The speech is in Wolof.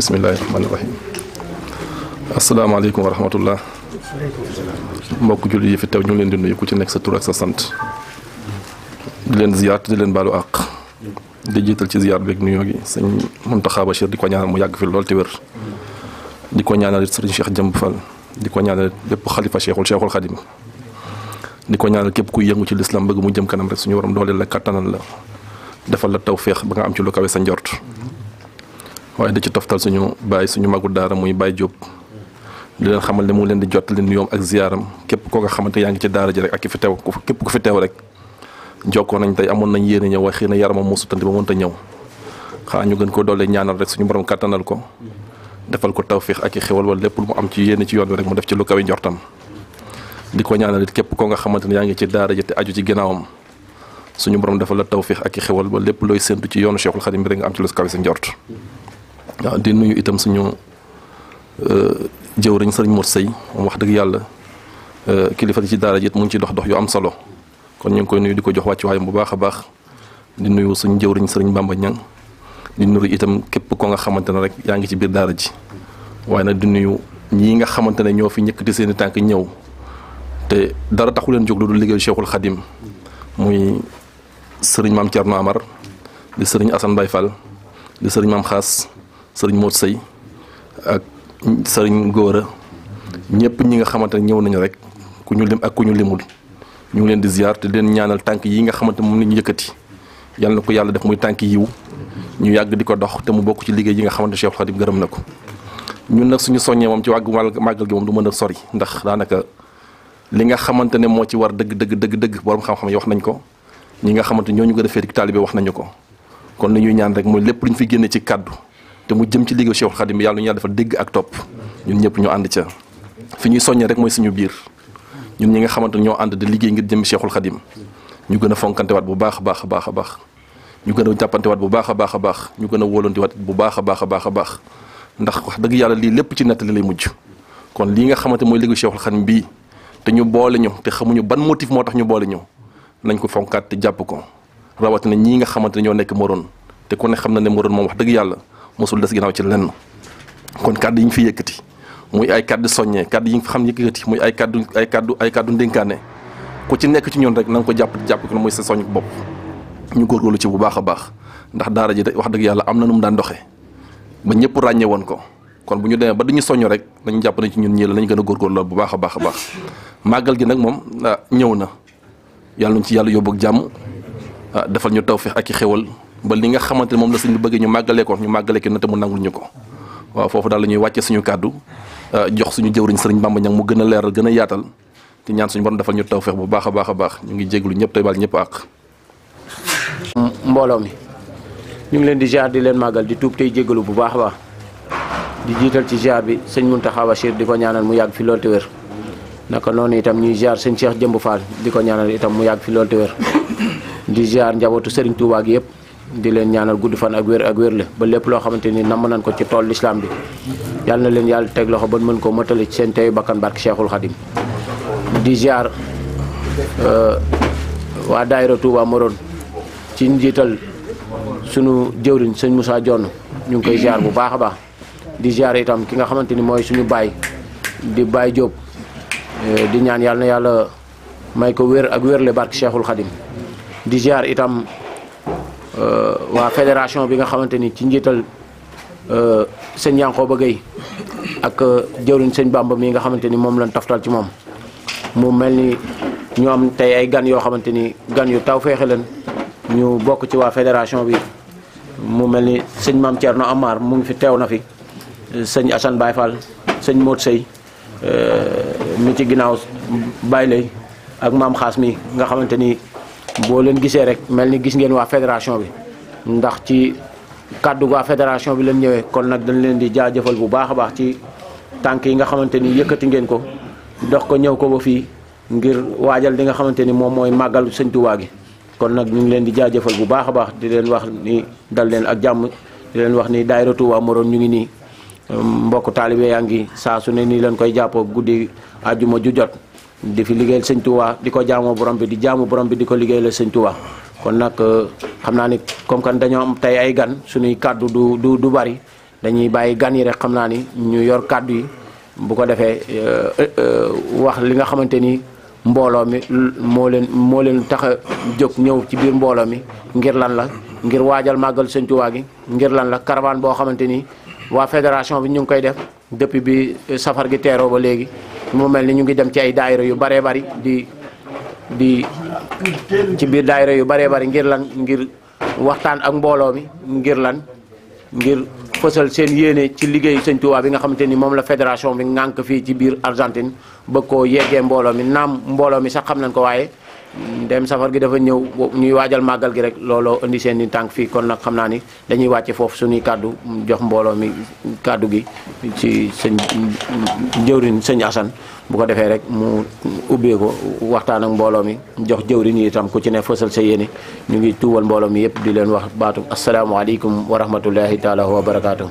bismillaahi rahmaani rahiim asalaamaaleykum wa rahmatullah mbokk jullit yi fi teew ñu leen di nuyu ku ci nekk sa tur ak sa sant di leen ziyaar di leen baalu àq di jiital ci ziyaar beeg nuyoo gi sëñ Muntaxa Bachir di ko ñaanal mu yàgg fi lool te wér di ko ñaanal it sëriñ Cheikh Jëmb Fall di ko ñaanal bépp xalifa Cheikhul Cheikhul Xadim di ko ñaanal képp kuy yëngu ci lislam bëgg mu jëm kanam rek suñu waram dooleel la kattanal la defal la tawféex ba nga am ci lu sa njort waaye da ci toftal suñu bàyyi suñu magu daara muy baay Diop di leen xamal ne mu leen di jottali nuyoom ak ziyaaram képp koo nga xamante yaa ngi daara ji ak ki fi teew képp ku fi teew rek jokkoo nañ tey amoon nañ yéene ñëw waaye xëy na yaramam moo sutante ba mënta ñëw xaa ñu gën ko doole ñaanal rek suñu borom kàttanal ko defal ko tawfiix ak i xewal wala lépp mu am ci yéene ci yoon bi rek mu def ci lu kawe di ko ñaanal it képp koo nga xamante ne yaa ngi ci daara ji te aju ci ginnaawam suñu borom defal la tawfiix ak i xewal ba lépp looy séntu ci yoonu Cheikhul Khadim bi nga am ci lu kawe sa njort waaw di nuyu itam suñu euh, jëwriñ sëriñ Mor Sey moom wax dëgg yàlla euh, kilifa ci daara ji it mu ngi ci dox dox yu am solo kon ñu ngi koy nuyu di ko jox wàccuwaayam bu baax a baax di nuyu suñu jëwriñ sëriñ ba Ñang di nuyu itam képp ko nga xamante ne rek yaa ngi ci biir daara ji waaye nag di nuyu ñii nga xamante ne ñoo fi ñëkk di seen tànk ñëw te dara taxu leen jóg lu dul liggéeyu Cheikhul Khadim muy sëriñ maam Thierno Amar di sëriñ Assane Baye Fall di sëriñ maam Xaas. sëriñ Mor Sey ak sëriñ Góora ñëpp ñi nga xamante ne ñëw nañu rek ku ñu lim ak ku ñu limul ñu ngi leen di ziar te leen ñaanal tànk yi nga xamante moom la ñu yëkkati yal na ko yàlla def muy tànk yiw ñu yàgg di ko dox te mu bokk ci liggéey yi nga xamante Cheikh Khadim gërëm na ko ñun nag suñu soññee moom ci wàggu màggal gi moom du mën a sori ndax daanaka li nga xamante ne moo ci war dëgg dëgg dëgg dëgg borom xam-xam yi wax nañ ko ñi nga ñoo ñu gën a féete taalibe wax nañu ko kon li ñuy ñaan rek mooy lépp lu ñu fi génnee ci kàddu te mu jëm ci liggéeyu Cheikhul Khadim bi yàlla ñu yàlla dafa dégg ak topp ñun ñëpp ñu ànd ca fi ñuy soññee rek mooy suñu biir ñun ñi nga xamante ñoo ànd di liggéey ngir jëm Cheikhul Khadim ñu gën a fonkantewaat bu baax a baax a baax a baax ñu gën a jàppantewaat bu baax a baax a baax ñu gën a wóolantewaat bu baax baax a baax a baax ndax wax dëgg yàlla lii lépp ci nettali lay mujj kon lii nga xamante mooy liggéeyu Cheikhul Khadim bii te ñu boole ñu te xamuñu ban motif moo tax ñu boole ñu nañ ko fonkaat te jàpp ko rawatina ñii nga xamante ne ñoo nekk moroon te ku ne xam na ne moroon moom wax dëgg yàlla mosul des ginnaaw ci lenn kon kàddu yi ñu fi yëkkati muy ay kàddu soññee kàddu yi nga xam yëkkati muy ay kàddu ay kàddu ay kàddu ndénkaane ku ci nekk ci ñoon rek na ko jàpp jàpp ko mooy sa soñ bopp ñu góorgóorlu ci bu baax a baax ndax daara ji wax dëgg yàlla am na nu mu daan doxee ba ñëpp ràññee woon ko kon bu ñu demee ba duñu soññ rek nañu jàpp ne ci ñun ñii la nañ gën a góorgóorlu bu baax a baax a baax màggal gi nag moom ah, ñëw na yàlla ci yàlla yóbbu ak jàmm ah, defal ñu tawfeex ak i xéwal ba li nga xamante ne moom la sëñ bi bëggee ñu màggalee ko ñu màggalee ko na te mu nangul ñu ko waaw foofu daal la ñuy wàcce suñu kàddu euh, jox suñu jëwriñ sëriñ ba ñang mu gën a leeral gën a yaatal te ñaan suñu borom defal ñu tawfeex bu baax a baax a baax ñu ngi jéglu ñëpp te baal ñëpp ak mbooloo mi ñu ngi leen di ziar di leen màggal di tuub tey jégalu bu baax a baax di jiital ci ziar bi sëñ Muntaxa Bachir di ko ñaanal mu yàgg fi lool te wér naka noonu itam ñuy ziar sëñ Cheikh Jëmb Fall di ko ñaanal itam mu yàgg fi lool te wér di ziar sëriñ Touba yëpp di leen ñaanal gudd fan ak wér ak wér la ba lépp loo xamante ni namm nañ ko ci tool lislaam bi yàlla na leen yàlla teg loxo ba mën koo matale ci seen teeyu bakkan barke Cheikhul Khadim di ziar euh, waa daayira Touba Morone ci njiital sunu jëwriñ sëñ Moussa Dione ñu ngi koy ziar bu baax a baax di ziar itam ki nga xamante ni mooy suñu baay di baay Diop euh, di ñaan yàlla na yàlla may ko wér ak itam. Euh, waa fédération bi nga xamante ni ci njiital euh, sëñ Yankhoba Gueye ak euh, jëwriñ sëñ Bamba mii nga xamante ni moom lañ taftal ci moom mu mel ni am tey ay gan yoo xamante ni gan yu taw feexe leen ñu bokk ci waa fédération bi mu mel ni sëñ Maam Thierno Amar mu ngi fi teew na fi sëñ Assane Baye Fall sëñ Modou Sey mi ci ginnaaw Baye Lay ak maam Xaas mi nga xamante boo leen gisee rek mel ni gis ngeen waa fédération bi ndax ci kàddu waa fédération bi leen ñëwee kon nag dañ leen di jaajëfal bu baax a baax ci tànk yi nga xamante ni yëkkati ngeen ko dox ko ñëw ko ba fii ngir waajal li nga xamante ni moom mooy màggalu sëñ Tuubaa gi kon nag ñu ngi leen di jaajëfal bu baax a baax di leen wax ni dal leen ak jàmm di leen wax ni daayira Touba Morone ñu ngi nii mbokk taalibe yaa ngi saa su ne nii leen koy jàppoo guddi àjjuma ju jot di fi liggéeyal sëñ di ko jaamu borom bi di jaamu borom bi di ko liggéeyal sëñ kon nag euh, xam naa ni comme kan dañoo am tey ay gan suñuy kàddu du du du bari dañuy bàyyi gan yi rek xam naa ni ñu yor kàddu yi bu ko defee euh, euh, wax li nga xamante ni mbooloo mi moo leen moo leen tax a jóg ñëw ci biir mbooloo mi ngir lan la ngir waajal màggal sëñ Touba gi ngir lan la caravane boo xamante ni waa fédération bi ñu ngi koy def depuis bi safar gi teeroo ba léegi mu mel ni ñu ngi dem ci ay daayira yu bëree bari di di ci biir daayira yu bëree bari ngir lan ngir waxtaan ak mbooloo mi ngir lan ngir fësal seen yéene ci liggéey sëñ Tuubaa bi nga xamante ni moom la fédération bi ngànk fii ci biir Argentine ba ko yeggee mbooloo mi naam mbooloo mi sax xam nañ ko waaye ndem safar gi dafa ñëw ñuy waajal màggal gi rek looloo indi seen i tànk fii kon nag xam naa ni dañuy wàcce foofu suñuy kàddu jox mbooloo mi kàddu gi ci sëñ jëwriñ sëñ Assane bu ko defee rek mu ubbee ko waxtaan ak mbooloo mi jox jëwrin yi itam ku ci ne fësal sa yéene ñu ngi tuubal mbooloo mi yëpp di leen wax baatu asalaamaaleykum wa rahmatullahi taala wa barakaatu.